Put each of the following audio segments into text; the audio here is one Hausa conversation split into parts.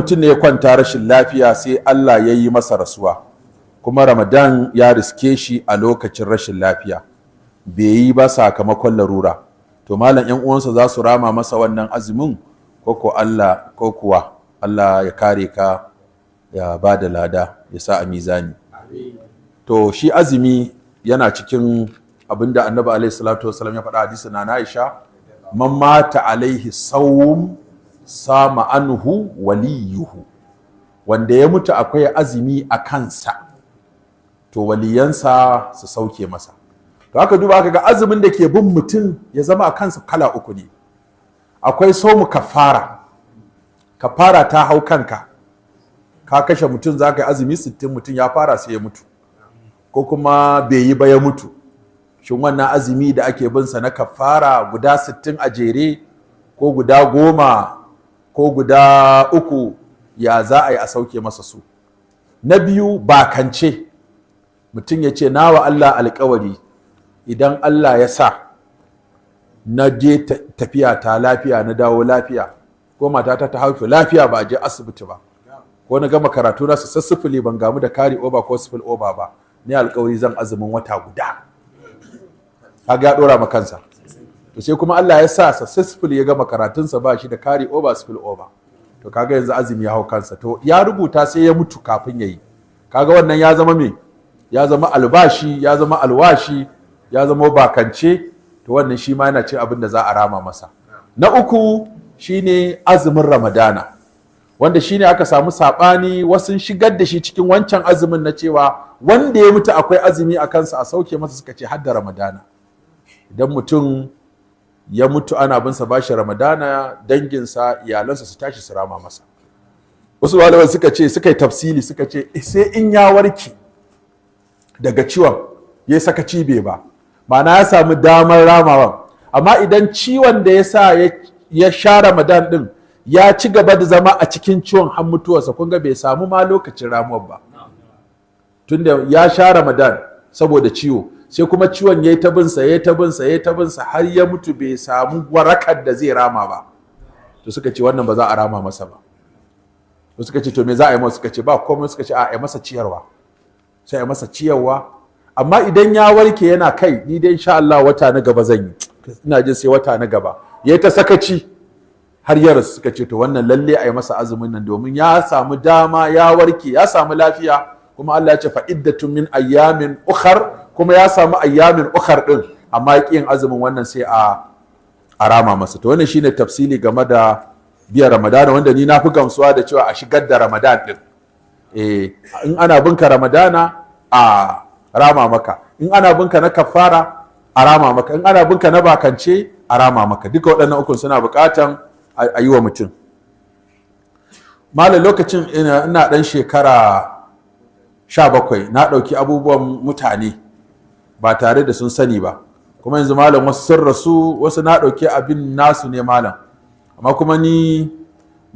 mutum ne ya kwanta rashin lafiya sai Allah ya yi masa rasuwa kuma ramadan ya riske shi a lokacin rashin lafiya bai yi ba sakamakon larura to malam yan uwansa za su rama masa wannan azumin ko Allah ko kuwa Allah ya kare ka ya ba da lada ya sa a mizani to shi azumi yana cikin abinda annabi alaihi salatu wasallam ya faɗa hadisi na Aisha man mata alaihi sawm sama anuhu waliyuhu wanda ya mutu akwai azumi a kansa to waliyansa su sauke masa to haka duba aka ga azumin da ke bin mutum ya zama a kansa kala uku ne akwai somu kafara kafara ta hau kanka ka kashe mutum za ka yi azumi sittin mutum ya fara sai ya mutu ko kuma bai yi ba ya mutu shin wannan azumi da ake bin sa na kafara guda sittin a jere ko guda goma ko guda uku ya za a yi a sauke masa su na biyu bakance mutum ya ce na wa Allah alkawari idan Allah ya sa na je tafiya ta lafiya na dawo lafiya ko matata ta haifu lafiya ba a je asibiti ba ko na gama karatu na su sassufuli ban gamu da kari oba ko sifil oba ba ni alkawari zan azumin wata guda kaga ya dora ma kansa to sai kuma Allah ya sa successful ya gama karatunsa ba shi da carry over spill over to kaga yanzu azumi ya hau kansa to ya rubuta sai ya mutu kafin yayi kaga wannan ya zama me ya zama albashi ya zama alwashi ya zama bakance to wannan shi ma yana cin abin da za a rama masa na uku shine azumin ramadana wanda shine aka samu sabani wasu shigar da shi cikin wancan azumin na cewa wanda ya mutu akwai azumi a kansa a sauke masa suka ce har da ramadana idan mutum ya mutu ana bin sa bashi ramadana danginsa iyalansa su tashi su rama masa wasu malaman suka ce suka yi tafsili suka ce eh, sai in ya warke daga ciwon ya saka cibe ba ma'ana ya samu damar ramawa amma idan ciwon da ya sa ya sha ramadan din ya ci gaba da zama a cikin ciwon har mutuwarsa kun ga bai samu ma lokacin ramuwar ba tunda ya sha ramadan saboda ciwo sai kuma ciwon ya yi ta binsa ya yi ta binsa ya yi ta binsa har ya mutu bai samu warakar da zai rama ba to suka ce wannan ba za a rama masa ba to suka ce to me za a yi masa suka ce ba komai suka ce a yi masa ciyarwa sai a yi masa ciyarwa amma idan ya warke yana kai ni dai insha Allah wata na gaba zan yi ina jin sai wata na gaba ya ta sakaci har ya rasu suka ce to wannan lalle a yi masa azumin nan domin ya samu dama ya warke ya samu lafiya kuma Allah ya ce fa iddatun min ayyamin ukhar kuma ya samu ayyamin ukhar din amma yin azumin wannan sai a a rama masa to wannan shine tafsili game da biya ramadana wanda ni na fi gamsuwa da cewa a shigar da ramadan din eh in ana binka ramadana a rama maka in ana binka na kafara a rama maka in ana binka na bakance a rama maka duka waɗannan ukun suna buƙatan a yi wa mutum malam lokacin ina ɗan shekara sha bakwai na ɗauki abubuwan mutane ba tare da sun sani ba kuma yanzu malam wasu sun rasu wasu na ɗauki abin nasu ne malam amma kuma ni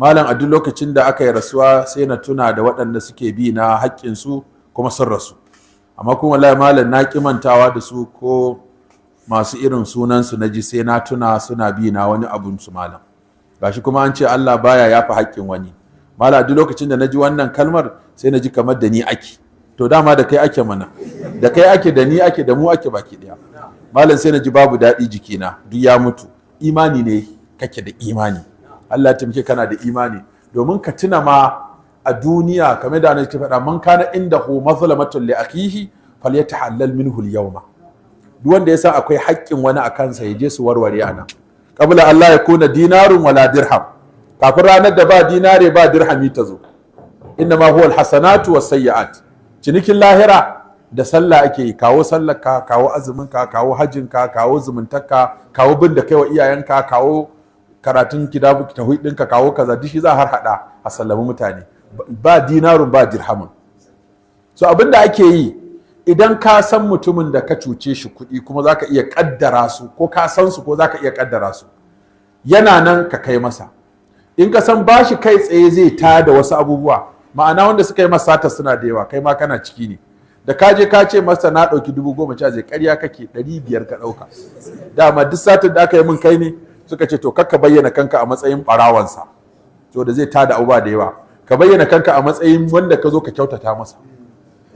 malam a duk lokacin da aka yi rasuwa sai na tuna da waɗanda suke bi na haƙƙinsu kuma sun rasu amma kuma wallahi malam na kimantawa da su ko masu irin sunansu na ji sai na tuna suna bi na wani abun su malam gashi kuma an ce Allah baya yafa haƙƙin wani malam a duk lokacin da na ji wannan kalmar sai na ji kamar da ni ake to dama da kai ake mana da kai ake da ni ake da mu ake baki daya malam sai na ji babu daɗi jikina duk ya mutu imani ne kake da imani Allah ya taimake kana da imani domin ka tuna ma a duniya kamar da annabi faɗa man kana inda hu mazlamatun li akhihi falyatahallal minhu al-yawma duk wanda ya san akwai haƙƙin wani a kansa ya je su warware ana qabla Allah ya kuna dinarun wala dirham kafin ranar da ba dinare ba dirhami ta zo inna ma huwa al-hasanatu was cinikin lahira da sallah ake yi kawo sallarka kawo azuminka kawo hajjinka kawo zumuntarka kawo bin da kai wa iyayenka kawo karatun kidabu ɗinka kawo kaza dishi za har hada a sallami mutane ba dinarun ba dirhamun so abin da ake yi idan ka san mutumin da ka cuce shi kuɗi kuma za ka iya ƙaddara su ko ka san su ko za ka iya ƙaddara su yana nan ka kai masa in ka san bashi kai tsaye zai ta da wasu abubuwa ma'ana wanda suka yi masa sata suna da yawa kai ma kana ciki ne da ka je ka ce masa na ɗauki dubu goma sha zai ƙarya kake ɗari biyar ka ɗauka dama duk satin da aka yi min kai ne suka ce to kaka bayyana kanka a matsayin ɓarawansa to da zai tada abubuwa da yawa ka bayyana kanka a matsayin wanda ka zo ka kyautata masa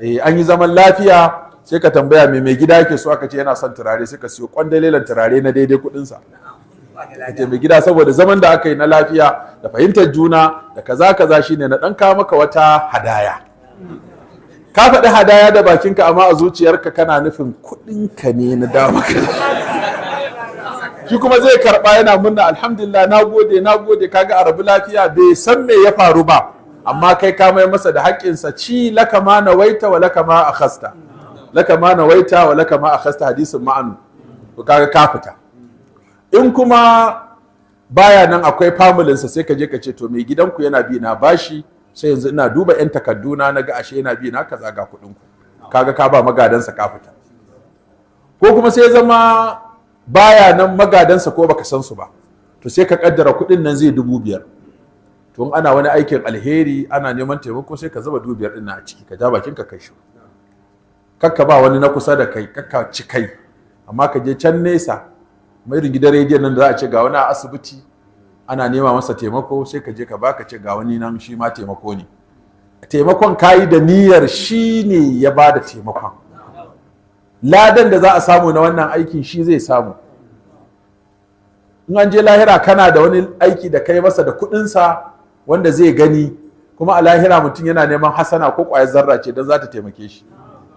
eh an yi zaman lafiya sai ka tambaya me mai gida yake so aka ce yana son turare sai ka siyo kwandalelan turare na daidai kuɗinsa sa Ka mai gida saboda zaman da aka yi na lafiya da fahimtar juna da kaza kaza shine na dan kawo maka wata hadaya ka faɗi hadaya da bakinka amma a zuciyarka kana nufin ka ne na dama shi kuma zai karɓa yana murna alhamdulillah na gode na gode kaga a rabu lafiya bai san me ya faru ba amma kai ka mai masa da haƙƙinsa ci laka ma na waita wa laka ma a khasta laka ma na waita wa laka ma a khasta hadisin ma'anu ka ga ka fita in kuma baya nan akwai familinsa sai ka je ka ce to mai gidanku yana bi na bashi sai yanzu ina duba yan takarduna na ga ashe yana bi na kaza ga kuɗin ku kaga ka ba magadansa ka fita ko kuma sai zama baya nan magadansa ko baka san su ba to sai ka kaddara kuɗin nan zai dubu biyar to ana wani aikin alheri ana neman taimako sai ka zuba dubu biyar ɗin a ciki ka ja bakin ka kai shi kakka ba wani na kusa da kai kakka cikai amma ka je can nesa Mairin irin gidan rediyon nan da za a ce ga wani a asibiti ana nema masa taimako sai ka je ka baka ce ga wani nan shi ma taimako ne taimakon kayi da niyyar shi ne ya ba da taimakon ladan da za a samu na wannan aikin shi zai samu in an je lahira kana da wani aiki da kai masa da kuɗinsa wanda zai gani kuma a lahira mutum yana neman hasana ko ƙwayar zarra ce don za ta taimake shi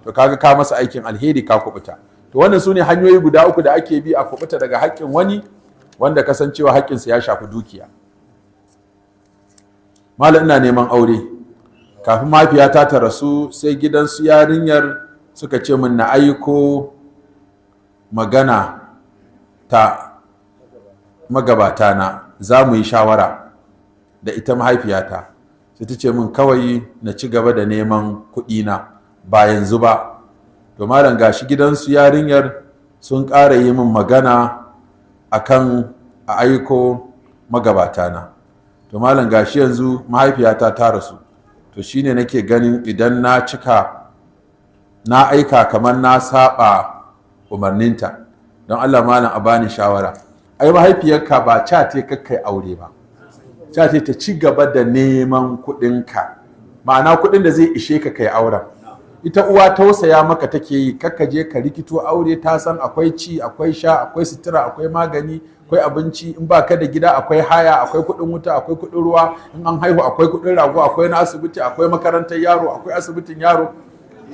to kaga ka masa aikin alheri ka kubuta to wannan su ne hanyoyi guda uku da ake bi a kubuta daga haƙƙin wani wanda kasancewa haƙƙinsa ya shafi dukiya malam ina neman aure kafin mahaifiyata ta rasu sai gidan gidansu yarinyar suka ce min na aiko magana ta magabata na za mu yi shawara da ita mahaifiyata sai ta ce min kawai na ci gaba da neman kuɗina ba yanzu ba to malam gashi gidansu yarinyar sun ƙara yi min magana akan a aiko magabatana to malam gashi yanzu mahaifiyata ta rasu to shine nake ganin idan na cika na aika kamar na saba umarninta don Allah malam a bani shawara ai mahaifiyarka ba ca te kakkai aure ba ca te ta ci gaba da neman kuɗinka ma'ana kuɗin da zai ishe ka kai auren ita uwa tausaya maka take yi kakka je ka rikito aure ta san akwai ci akwai sha akwai sutura akwai magani akwai abinci in ba ka da gida akwai haya akwai kuɗin wuta akwai kuɗin ruwa in an haihu akwai kuɗin rago akwai na asibiti akwai makarantar yaro akwai asibitin yaro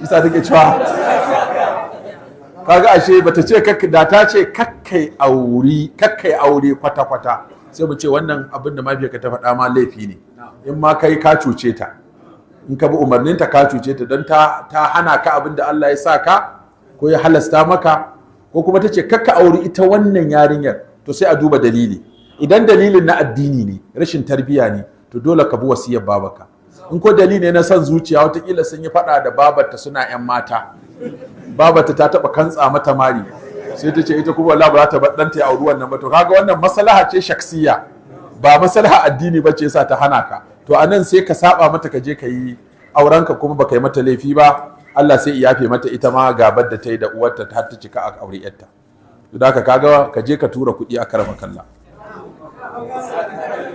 isa take cewa kaga ashe bata ce kakka da ta ce kakkai aure kakkai aure kwata kwata sai mu ce wannan abin da mafiyarka ta faɗa ma laifi ne in ma kai ka cuce ta in ka bi umarninta ka cuce ta don ta hana ka abin da Allah ya sa ka ko ya halasta maka ko kuma ta ce kakka auri ita wannan yarinyar to sai a duba dalili idan dalilin na addini ne rashin tarbiyya ne to dole ka bi wasiyar babaka in ko dalili ne na son zuciya watakila sun yi faɗa da babarta suna 'yan mata babarta ta taɓa kantsa mata mari sai ta ce ita kuma wala ba za ta baɗanta ya auri wannan ba to kaga wannan maslaha ce shaksiya ba maslaha addini ba ce sa ta hana ka to a nan sai ka saba mata ka je ka yi aurenka kuma baka yi mata laifi ba Allah sai yafe mata ita ma gabar da ta yi da uwarta har ta cika a aure yarta to da ka ga ka je ka tura kuɗi a karama kalla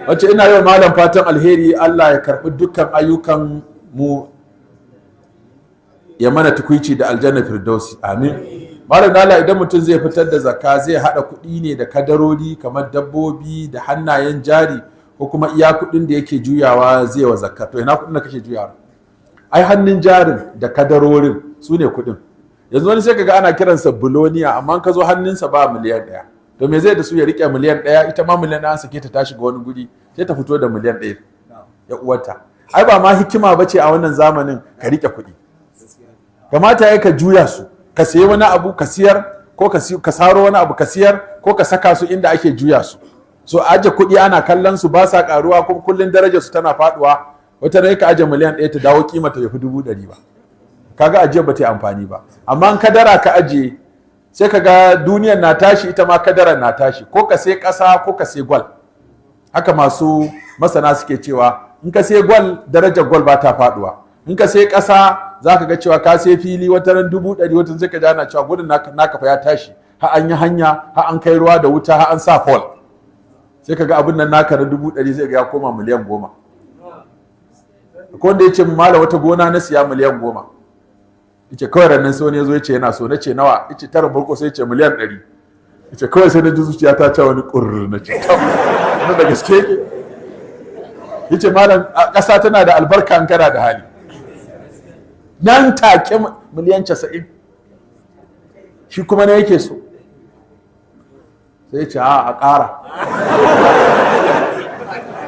wacce ina yau malam fatan alheri Allah ya karɓi dukkan ayyukan mu ya mana tukuici da aljanna firdausi amin malam allah idan mutum zai fitar da zakka zai haɗa kuɗi ne da kadarori kamar dabbobi da hannayen jari ko kuma iya kuɗin da yake juyawa zai wa zakka to ina kuɗin da kake juyawa ai hannun jarin da kadarorin su ne kuɗin yanzu wani sai kaga ana kiransa buloniya amma ka zo hannunsa ba miliyan ɗaya to me zai da su ya riƙe miliyan ɗaya ita ma miliyan ɗaya sake ta tashi ga wani guri sai ta fito da miliyan ɗaya ya uwarta ai ba ma hikima ba ce a wannan zamanin ka riƙe kuɗi kamata ya ka juya su ka sayi wani abu ka siyar ko ka saro wani abu ka siyar ko ka saka su inda ake juya su so aje kuɗi ana kallon su ba sa karuwa kuma kullun darajar su tana faduwa wata ne ka aje miliyan ɗaya ta dawo kima ta yafi dubu ɗari ba kaga aje ba ta amfani ba amma in kadara ka aje sai ka ga duniyar na tashi ita ma kadara na tashi ko ka sai ƙasa ko ka sai gwal haka masu masana suke cewa in ka sai gwal darajar gwal ba ta faduwa in ka sai ƙasa za ka ga cewa ka sai fili wata ran dubu ɗari wata sai ka ji ana cewa gudun naka fa ya tashi ha an yi hanya ha an kai ruwa da wuta ha an sa fol sai kaga abin nan naka na dubu ɗari zai ga ya koma miliyan goma ko wanda ya ce mu mala wata gona na siya miliyan goma Ya ce kawai rannan sai wani ya zo ya ce yana so ce nawa Ya ce tara farko sai ce miliyan ɗari ce kawai sai na ji zuciya ta ce wani ƙurr na ce na da gaske Ya ce malam ƙasa tana da albarka an kana da hali nan take miliyan casa'in shi kuma na yake so sai ce a ƙara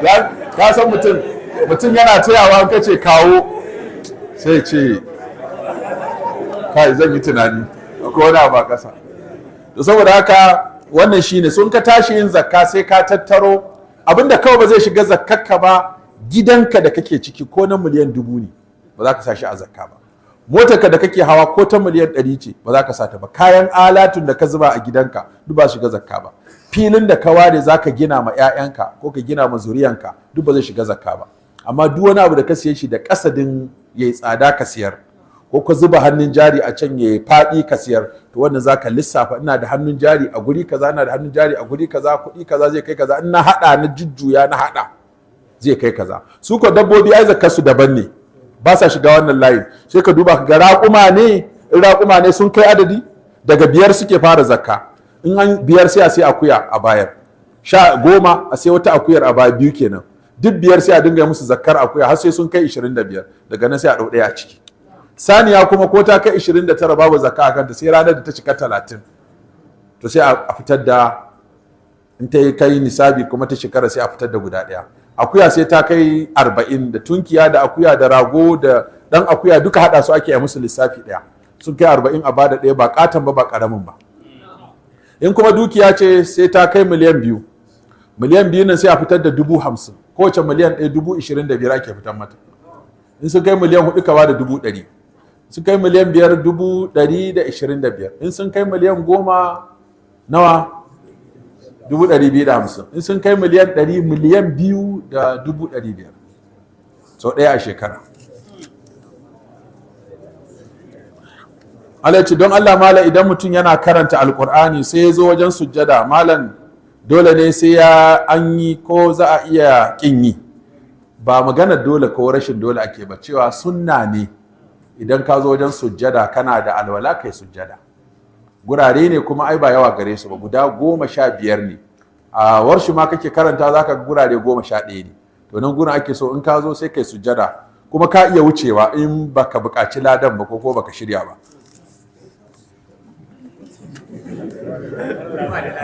Ya san mutum mutum yana tayawa ka ce kawo sai ce kai zan yi tunani ko wani ba ƙasa to saboda haka wannan shine sun ka tashi yin zakka sai ka tattaro abinda kawai ba zai shiga zakkarka ba gidanka da kake ciki ko na miliyan dubu ne ba za ka sa shi a zakka ba motarka da kake hawa ko ta miliyan ɗari ce ba za ka sata ba kayan alatun da ka zuba a gidanka duk ba shiga zakka ba filin da ka ware za ka gina ma 'ya'yanka ko ka gina ma zuriyanka duk ba zai shiga zakka ba amma duk wani abu da ka siye shi da kasadin ya yi tsada ka siyar ko ka zuba hannun jari a can ya faɗi ka siyar to wannan za ka lissafa ina da hannun jari a guri kaza ina da hannun jari a guri kaza kuɗi kaza zai kai kaza ina haɗa na jujjuya na haɗa zai kai kaza su ko dabbobi ai zakkarsu daban ne ba sa shiga wannan layi sai ka duba ga raƙuma ne in raƙuma ne sun kai adadi daga biyar suke fara zakka in an biyar sai a sai akuya a bayar sha goma a sai wata akuyar a bayar biyu kenan duk biyar sai a dinga musu zakkar akuya har sai sun kai 25 daga nan sai a ɗau ɗaya a ciki saniya kuma ko ta kai 29 babu zakka a kanta sai ranar da ta cika 30 to sai a fitar da in ta yi kai nisabi kuma ta shekara sai a fitar da guda ɗaya akuya sai ta kai arba'in da tunkiya da akuya da rago da dan akuya duka haɗa su ake yi musu lissafi ɗaya sun kai arba'in a bada ɗaya ba ƙaton ba ba ƙaramin ba in kuma dukiya ce sai ta kai miliyan biyu miliyan biyu nan sai a fitar da dubu hamsin kowace miliyan ɗaya dubu ishirin da biyar ake fitar mata in sun kai miliyan hudu kawa da dubu ɗari sun kai miliyan biyar dubu ɗari da ishirin da biyar in sun kai miliyan goma nawa dubu ɗari biyu da hamsin in sun kai miliyan ɗari miliyan biyu da dubu ɗari biyar sau ɗaya a shekara alaici don allah mala idan mutum yana karanta alkur'ani sai ya zo wajen sujjada malam dole ne sai ya an yi ko za a iya kin yi ba magana dole ko rashin dole ake ba cewa sunna ne idan ka zo wajen sujjada kana da alwala kai sujjada gurare ne kuma ai ba yawa gare su ba guda goma sha biyar ne a warshi ma kake karanta za ka gurare goma sha ɗaya ne to nan gurin ake so in ka zo sai kai sujada. kuma ka iya wucewa in baka buƙaci ladan ba ko ko baka shirya ba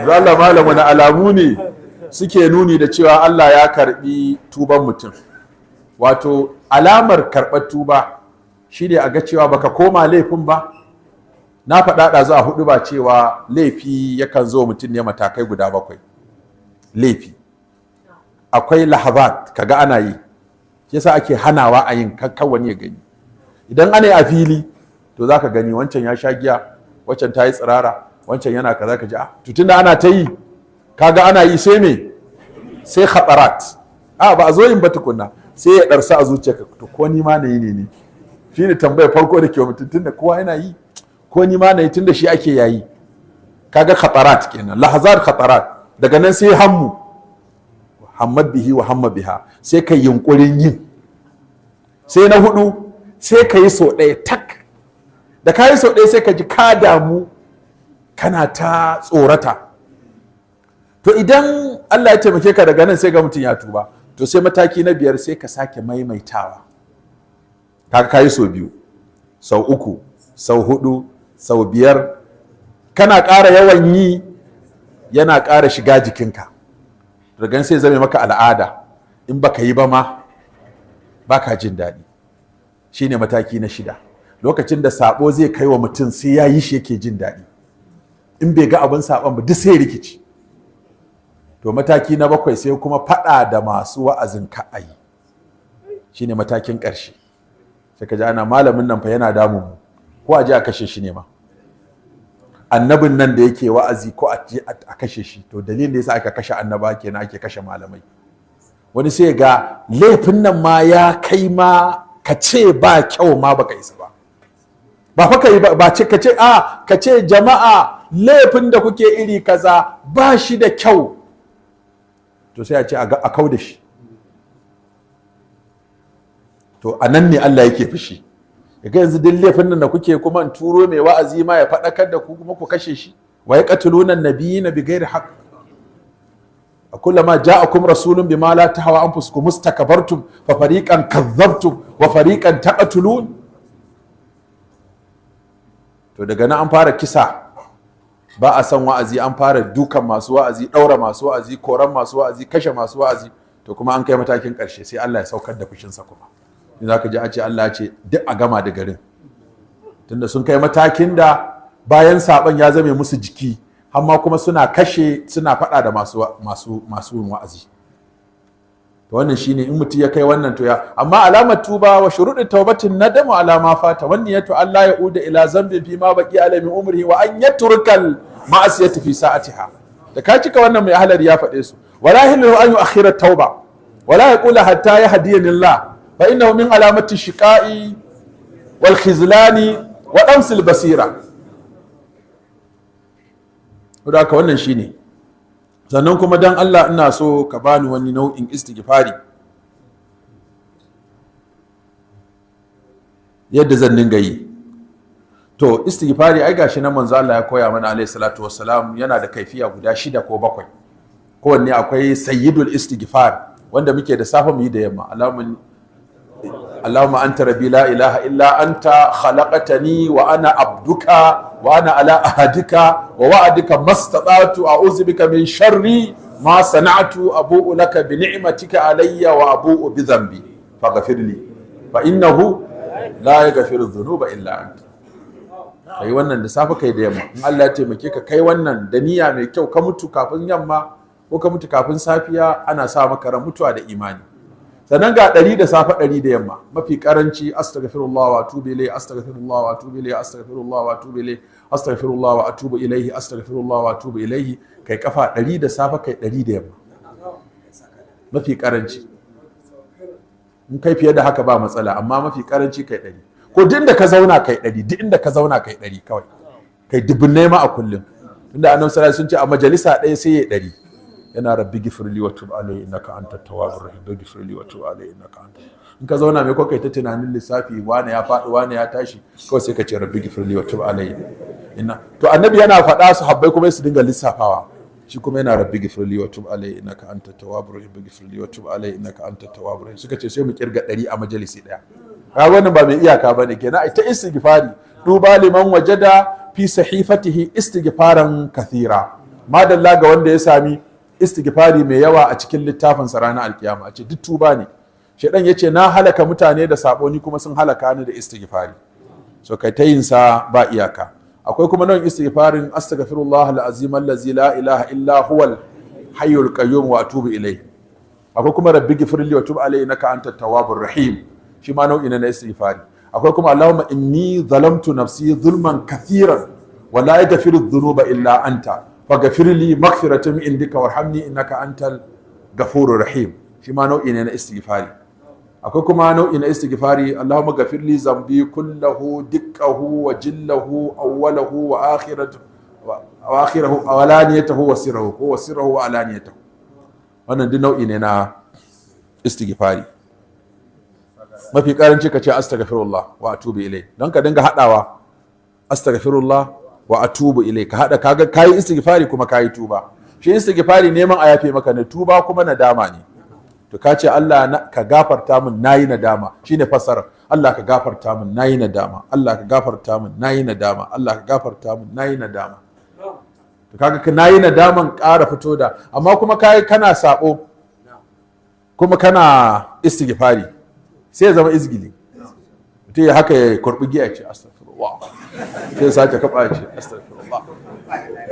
zalla malamu na alamu ne suke nuni da cewa Allah ya karbi tuban mutum wato alamar karɓar tuba shine a ga cewa baka koma laifin ba na faɗa ɗazu a hudu ba cewa laifi yakan zo mutum ne matakai guda bakwai laifi akwai lahabat kaga ana yi yasa ake hanawa a yin kakkawan ya gani idan ana yi a fili to za ka gani wancan ya sha giya wancan ta yi tsirara wancan yana kaza ka ji a ah, tutun da ana ta yi kaga ana yi sai me sai khatarat a ba a zo yin ba tukunna sai ya ɗarsa a zuciyarka to ko ni ma na yi ne ne shine tambayar farko da ke mutum tunda kowa yana yi ko ni ma na tun da shi ake yayi kaga khatarat kenan lahazar khatarat daga nan sai hammu hammad bihi wa hamma biha sai ka yunkurin yin sai na hudu sai ka yi sau ɗaya tak da ka yi sau ɗaya sai ka ji ka damu kana ta tsorata to idan Allah ya taimake ka daga nan sai ga mutum ya tuba to sai mataki na biyar sai ka sake maimaitawa ka kai sau biyu sau uku sau hudu sau biyar kana ƙara yawan yi yana ƙara shiga jikinka rigan sai zame maka al'ada in baka yi ba ma ba ka jin daɗi shine mataki na shida lokacin da sabo zai kai wa mutum sai ya yi shi yake jin daɗi in bai ga abin saɓon ba duk sai rikici to mataki na bakwai sai kuma faɗa da masu wa'azin ka'ayi shine matakin ƙarshe sai ka ji ana malamin nan fa yana damun mu ko a ji a kashe shi ne ma annabin nan da yake wa'azi ko a kashe shi to dalilin da yasa aka kashe annaba kenan ake kashe malamai wani sai ga laifin nan ma ya kai ma ka ce ba kyau ma baka isa ba ba fa kai ba ce ka ce a ka ce jama'a laifin da kuke iri kaza ba shi da kyau to sai a ce a kau da shi to anan ne Allah yake fushi daga yanzu duk laifin nan da kuke kuma in turo mai wa'azi ma ya faɗakar da ku kuma ku kashe shi wa ya qatluna nabiyina bi ghairi ma ja'a kum rasulun bima la tahwa anfusukum mustakabartum fa fariqan kadhabtum wa fariqan taqtulun to daga nan an fara kisa ba a san wa'azi an fara dukan masu wa'azi ɗaura masu wa'azi koran masu wa'azi kashe masu wa'azi to kuma an kai matakin ƙarshe sai Allah ya saukar da fushinsa kuma in za ka ji a ce Allah ce duk a gama da garin tunda sun kai matakin da bayan saban ya zame musu jiki amma kuma suna kashe suna faɗa da masu masu masu wa'azi to wannan shine in mutum ya kai wannan to ya amma alamar tuba wa shuruɗin taubatin nadamu alama fata wannan to Allah ya uda ila zambi fi ma baqi alami umrihi wa an yatrukal ma'asiyati fi sa'atiha da ka cika wannan mai ahalar ya faɗe su wala hilu an yu yu'akhira tauba wala yaqula hatta yahdiyanillah fa ina min alamati shiqa'i wal khizlani wa basira wannan shine sannan kuma dan Allah ina so ka bani wani nau'in istighfari yadda zan dinga yi to istighfari ai gashi na manzo Allah ya koya mana alayhi salatu wassalam yana da kaifiya guda shida ko bakwai kowanne akwai sayyidul istighfar wanda muke da safa mu yi da yamma alamun اللهم أنت ربي لا إله إلا أنت خلقتني وأنا عبدك وأنا على أهدك ووعدك ما استطعت أعوذ بك من شري ما صنعت أبوء لك بنعمتك علي وأبوء بذنبي فاغفر لي فإنه لا يغفر الذنوب إلا أنت kai wannan da safe kai da yamma in Allah ya taimake ka kai wannan da niyya mai kyau ka mutu kafin yamma ko ka mutu kafin safiya ana sa maka ran mutuwa da imani sannan ga ɗari da safe ɗari da yamma mafi karanci astaghfirullah wa atubu ilayhi astaghfirullah wa atubu ilayhi astaghfirullah wa atubu ilayhi astaghfirullah wa atubu ilayhi astaghfirullah wa tubi ilayhi kai kafa ɗari da safe kai ɗari da yamma mafi karanci in kai fiye da haka ba matsala amma mafi karanci kai ɗari ko duk inda ka zauna kai ɗari duk inda ka zauna kai ɗari kawai kai dubbin nema a kullum inda annabi sallallahu alaihi sun ce a majalisa ɗaya sai ya ɗari yana rabbi gifirli wa tub alayhi innaka anta tawwabur rahim rabbi gifirli wa tub alayhi innaka anta in ka zauna mai kokai ta tunanin lissafi wane ya faɗi wane ya tashi kawai sai ka ce rabbi gifirli wa tub alayhi inna to annabi yana faɗa su habbai kuma su dinga lissafawa shi kuma yana rabbi gifirli wa tub alayhi innaka anta tawwabur rahim rabbi gifirli wa tub alayhi innaka anta tawwabur rahim suka ce sai mu kirga ɗari a majalisi daya ka wannan ba mai iyaka bane kenan ita istighfari duba liman wajada fi sahifatihi istighfaran kathira madalla ga wanda ya sami istighfari mai yawa a cikin littafin sa ranar alkiyama a ce duk tuba ne ya ce na halaka mutane da saboni kuma sun halaka ni da istighfari so kai ta yin sa ba iyaka akwai kuma nan istighfarin astaghfirullah alazim allazi la ilaha illa huwal hayyul qayyum wa atubu ilayhi akwai kuma rabbi gifirli wa tub alayhi innaka antat tawwabur rahim shi ma nau'i na istighfari akwai kuma allahumma inni zalamtu nafsi zulman kathiran wa la yaghfiru dhunuba illa anta faghfir li wa min indika warhamni innaka antal ghafurur rahim shi ma nau'i ne na istighfari akwai kuma nau'i na istighfari Allahumma ghafir li zambi kullahu dikkahu wa jillahu awwalahu wa akhiratahu wa akhirahu awalaniyatahu wa sirahu ko wa sirahu wa alaniyatahu wannan duk nau'i ne na istighfari mafi karanci ka ce astaghfirullah wa atubu ilai don ka dinga hadawa astaghfirullah wa atubu ilayka hada kaga kai istighfari kuma kai tuba shi istighfari neman a yafe maka ne tuba kuma nadama ne to ka ce Allah ka gafarta min nayi nadama shine fasarar Allah ka gafarta min nayi nadama Allah ka gafarta min nayi nadama Allah ka gafarta min nayi nadama to kaga ka nayi nadaman ƙara fito da amma kuma kai kana sako kuma kana istighfari sai ya zama izgili mutum ya haka ya kurbi giya ce astaghfirullah sai sake kaba shi astaghfirullah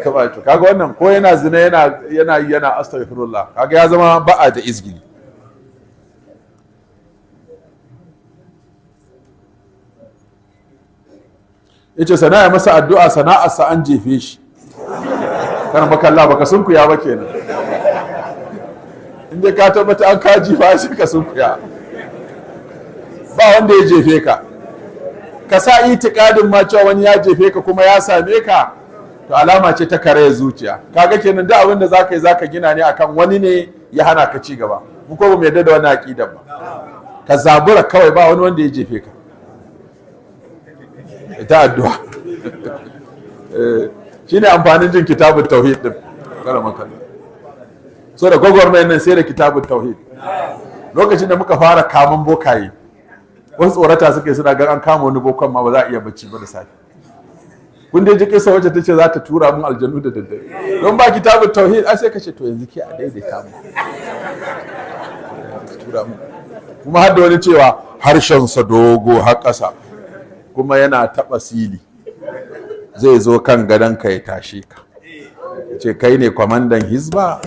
kaba kaga wannan ko yana zina yana yana yana astaghfirullah kaga ya zama ba'a da izgini yace sana'a masa addu'a sana'ar sa an jefe shi kana baka Allah baka sunkuya ba kenan in dai ka tabbata an kaji ba shi ka ya ba wanda ya jefe ka ka sa itikadin ma cewa wani ya jefe ka kuma ya same ka to alama ce ta kare zuciya kaga kenan da abin da zaka yi zaka gina ne akan wani ne ya hana ka ci gaba mu ko mu yadda da wani aqida ba ka zabura kawai ba wani wanda ya jefe ka ita addu'a eh, shine amfanin jin kitabun tauhid din karama maka so da mai nan sai da kitabun tauhid lokacin da muka fara kamun bokaye wani tsorata suke suna ga an kama wani bokon ma ba za a iya bacci ba da safe kun dai ji kisa wacce ta ce za ta tura mun aljanu da daddare don ba kitabun tauhid ai sai ka to yanzu ke a daidaita mu mu kuma har da wani cewa harshensa dogo har ƙasa kuma yana taɓa sili zai zo kan gadon ka ya tashe ka ce kai ne kwamandan hizba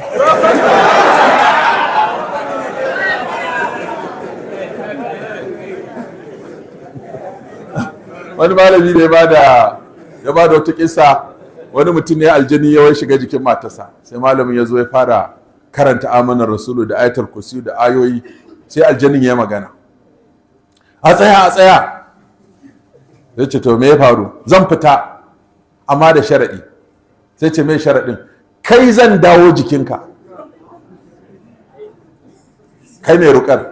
wani malami ne ba da ya ba da wata kisa wani mutum ne aljini ya wai shiga jikin matarsa sai malamin ya zo ya fara karanta amanar rasulu da ayatar kursi da ayoyi sai aljanin ya magana a tsaya a tsaya zai ce to me ya faru zan fita amma da sharaɗi sai ce me sharaɗin kai zan dawo jikinka kai mai rukar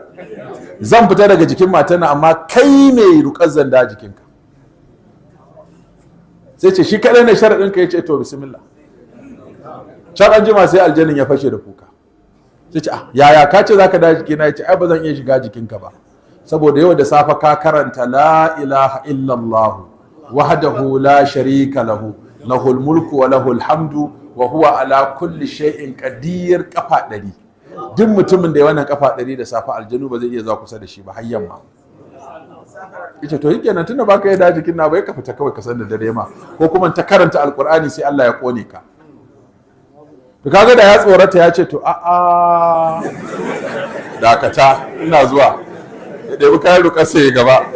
zan fita daga jikin matana amma kai mai rukar zan dawo jikinka sai ce shi kadai ne sharadin ka ce to bismillah can an sai aljanin ya fashe da kuka sai ce ah yaya ka ce zaka dawo jikina yace ai ba zan iya shiga jikinka ba saboda yau da safa ka karanta la ilaha illallah wahdahu la sharika lahu lahul mulku wa lahul hamdu wa huwa ala kulli shay'in qadir kafa ɗari. duk mutumin da ya wannan kafa ɗari da safa aljanu ba zai iya zuwa kusa da shi ba har yamma ita to shikenan tunda baka yadda jikin na bai ka fita kawai ka san da dare ma ko kuma ta karanta alkur'ani sai Allah ya kone ka to kaga da ya tsorata ya ce to a a dakata ina zuwa ya ɗebi kayan rukar sai ya gaba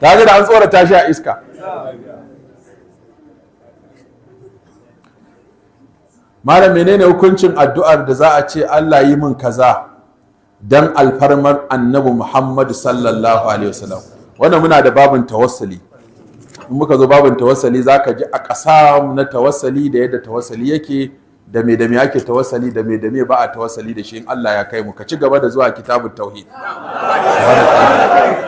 kaga da an tsorata shi a iska malam menene hukuncin addu'ar da za a ce Allah yi min kaza dan alfarmar annabi Muhammad sallallahu alaihi wasallam wannan muna da babin tawassuli in muka zo babin za zaka ji a ƙasa na tawassuli da yadda tawassuli yake da me da me ake tawassuli da me da me ba a tawassuli da shi in Allah ya kai mu ka ci gaba da zuwa kitabut tauhid